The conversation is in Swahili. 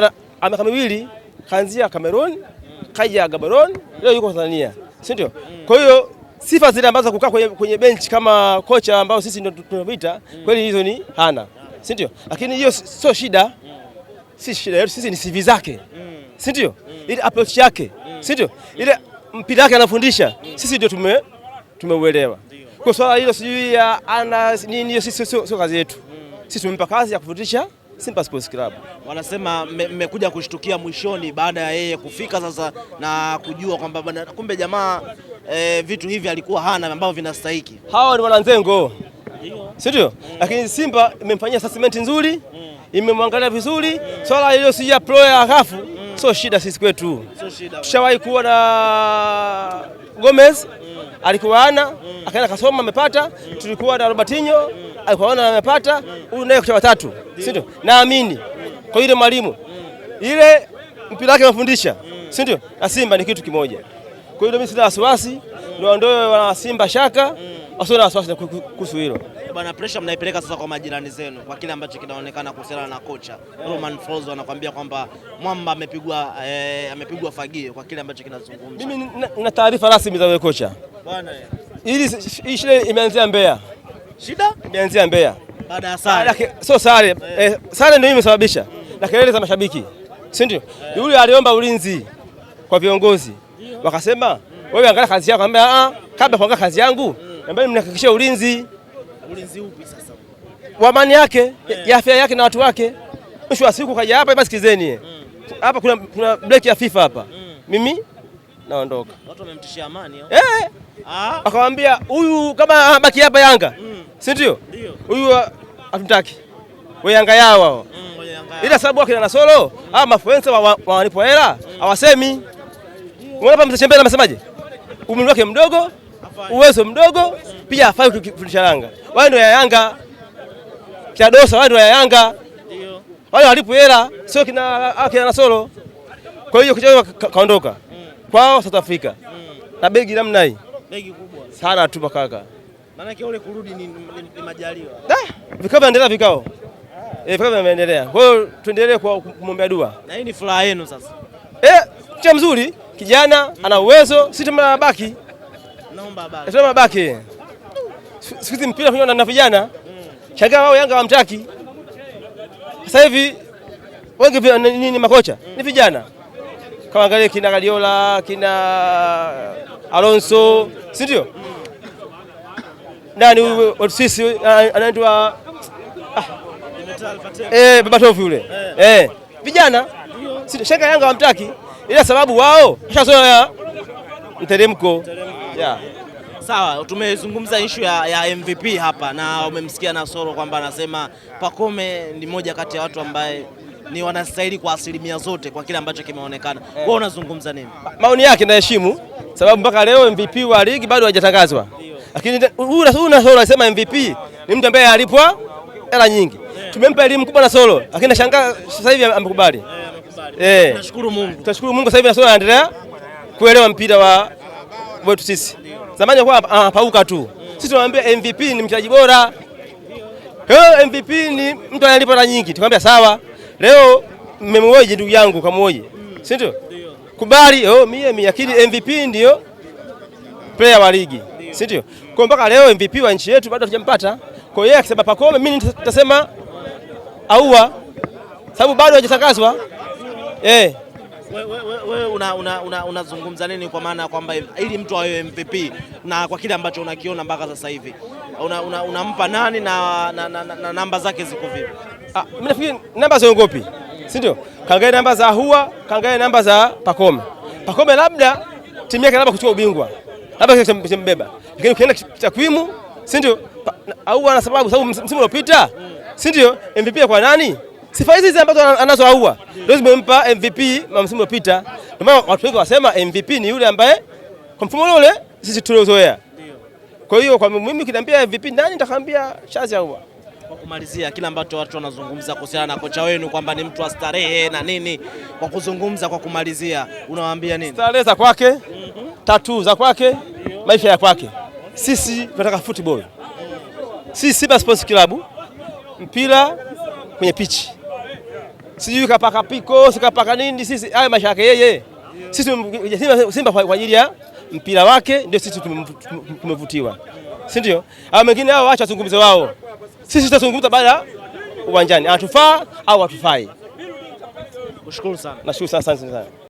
katika miaka miwili kaanzia Cameroon kaja Gaborone, leo yuko Tanzania, si ndio? Kwa hiyo sifa zile ambazo kukaa kwenye, kwenye benchi kama kocha ambao sisi ndio tunavita kweli hizo ni hana, si ndio? Lakini hiyo sio shida, si shida yetu sisi, ni CV zake, si ndio? Ile approach yake, si ndio? Ile mpira wake anafundisha, sisi ndio tume tumeuelewa. Kwa swala hilo sijui ya ana nini, sio kazi yetu sisi, tumempa kazi ya kufundisha Simba Sports Club. Wanasema mmekuja kushtukia mwishoni baada ya yeye kufika sasa na kujua kwamba kumbe jamaa e, vitu hivi alikuwa hana ambavyo vinastahiki. Hawa ni wananzengo si ndio? Mm. Lakini Simba imemfanyia assessment nzuri, mm. imemwangalia vizuri. Swala hilo si ya pro ya kafu, mm. sio shida sisi kwetu. Tushawahi kuwa na Gomez alikuwa mm. akaenda kasoma amepata, tulikuwa na Robertinho akaona amepata huyu naye kwa tatu, si ndio? Naamini kwa ile mwalimu ile mpira wake amefundisha, si ndio? Na Simba ni kitu kimoja. Kwa hiyo mimi sina wasiwasi, ndio ndio wana Simba shaka wasio na wasiwasi kuhusu hilo bwana. Pressure mnaipeleka sasa kwa majirani zenu kwa kile ambacho kinaonekana kuhusiana na kocha Roman Folz, anakuambia kwamba mwamba amepigwa eh, amepigwa fagio kwa kile ambacho kinazungumza. Mimi nina taarifa rasmi za wewe kocha bwana, hii shule imeanzia Mbeya. Shida imeanzia Mbeya baada ya sare, sio sare, eh. Eh, sare ndio imesababisha na kelele za mashabiki, si ndio? Eh. Yule aliomba ulinzi kwa viongozi, wakasema wewe angalia kazi yako, ambaye ah, kabla kuanga kazi yangu hmm. ambaye mnihakikishia ulinzi. Ulinzi upi sasa? Wa yake, ya afya yake na watu wake. Mwisho wa siku kaja hapa, basi sikizeni hmm. hapa kuna, kuna break ya FIFA hapa hmm. Mimi naondoka. Watu wamemtishia amani eh, ah, akamwambia huyu kama baki hapa Yanga mm si ndio? Huyu hatumtaki we Yanga yao wao, mm, ila sababu akina nasoro solo mm. ama mafensa wawalipo hela mm. hawasemi. Unaona hapa mzee Chembele Umri wake mdogo, uwezo mdogo, pia hafai kufundisha Yanga. Wao ndio ya Yanga kina Dosa, wao ndio ya Yanga, wale walipo hela, sio kina akina solo. Kwa hiyo kichwa kaondoka kwao South Africa na begi namna hii begi kubwa sana tu kaka Maanake ule kurudi ni, ni, ni majaliwa. Vikao vinaendelea vikao. Eh, vikao vinaendelea. Kwa hiyo tuendelee kwa kumwombea dua. Na hii ni furaha yenu sasa. Eh, cha mzuri, kijana mm. ana uwezo, sisi mabaki. Naomba baba. Eh, Tunabaki. Sikizi mpira kunywa na vijana. Mm. Shangaa wao Yanga wamtaki. Sasa hivi wengi pia nini makocha? Mm. Ni vijana. Kama angalia kina Guardiola, kina Alonso, si ndio? Mm nani huyu sisi eh, anaitwa ah, eh, baba tofu yule, eh, eh. vijana shaka Yanga wamtaki, ila sababu wao ashasoya mteremko yeah. Sawa, tumezungumza ishu ya, ya MVP hapa na umemsikia Nasoro kwamba anasema Pacome ni moja kati ya watu ambaye ni wanastahili kwa asilimia zote kwa kile ambacho kimeonekana. Wewe unazungumza nini? Maoni yake naheshimu, sababu mpaka leo MVP wa ligi bado hajatangazwa. Lakini huyu na Solo alisema MVP ni mtu ambaye alipwa hela nyingi, tumempa elimu kubwa na Solo, lakini nashangaa sasa hivi amekubali. Eh, tunashukuru Mungu, tunashukuru Mungu. Sasa hivi na Solo anaendelea kuelewa mpira wa wetu sisi. Zamani alikuwa anapauka tu, sisi tunamwambia MVP ni mchezaji bora. Leo MVP ni mtu analipa hela nyingi, tukamwambia sawa. Leo mmemwoje ndugu yangu, kamwoje, si ndio? Kubali, oh mie mie, lakini MVP ndio player wa ligi si ndio? Kwa mpaka leo MVP wa nchi yetu bado hajampata. Kwa hiyo yeye akisema Pacome, mimi nitasema aua, sababu bado hajatangazwa eh. Wewe unazungumza nini kwa maana kwamba ili mtu awe MVP na kwa kile ambacho unakiona mpaka sasa hivi unampa nani na namba zake ziko vipi? Ah, mimi nafikiri namba ngopi si ndio? Kangae namba za Ahoua, kangae namba za Pacome. Pacome labda timu yake labda kuchukua ubingwa labda kimebeba, lakini ukienda takwimu, si ndio? au ana sababu, sababu msimu uliopita, si ndio? MVP kwa nani? Sifa hizi ambazo anazo Aua ndio zimempa MVP msimu uliopita. Ndio maana watu wengi wasema MVP ni yule ambaye kwa mfumo ule sisi tuliozoea. Kwa hiyo kwa mimi ukiniambia MVP nani, nitakwambia Shazi Aua. Kwa kumalizia kila ambacho watu wanazungumza kuhusiana na kocha wenu kwamba ni mtu wa starehe na nini, kwa kuzungumza, kwa kumalizia, unawaambia nini? Starehe za kwake mm tatu za kwake, maisha ya kwake. Sisi tunataka football, sisi Simba Sports Club, mpira kwenye pichi, sijui kapaka piko sikapaka nini. Sisi haya maisha yake yeye, sisi Simba kwa ajili ya mpira wake, ndio sisi tumevutiwa, si ndio? Hao wengine hao acha wazungumze wao, sisi tutazungumza baada uwanjani, anatufaa au hatufai. Nashukuru sana, nashukuru sana sana.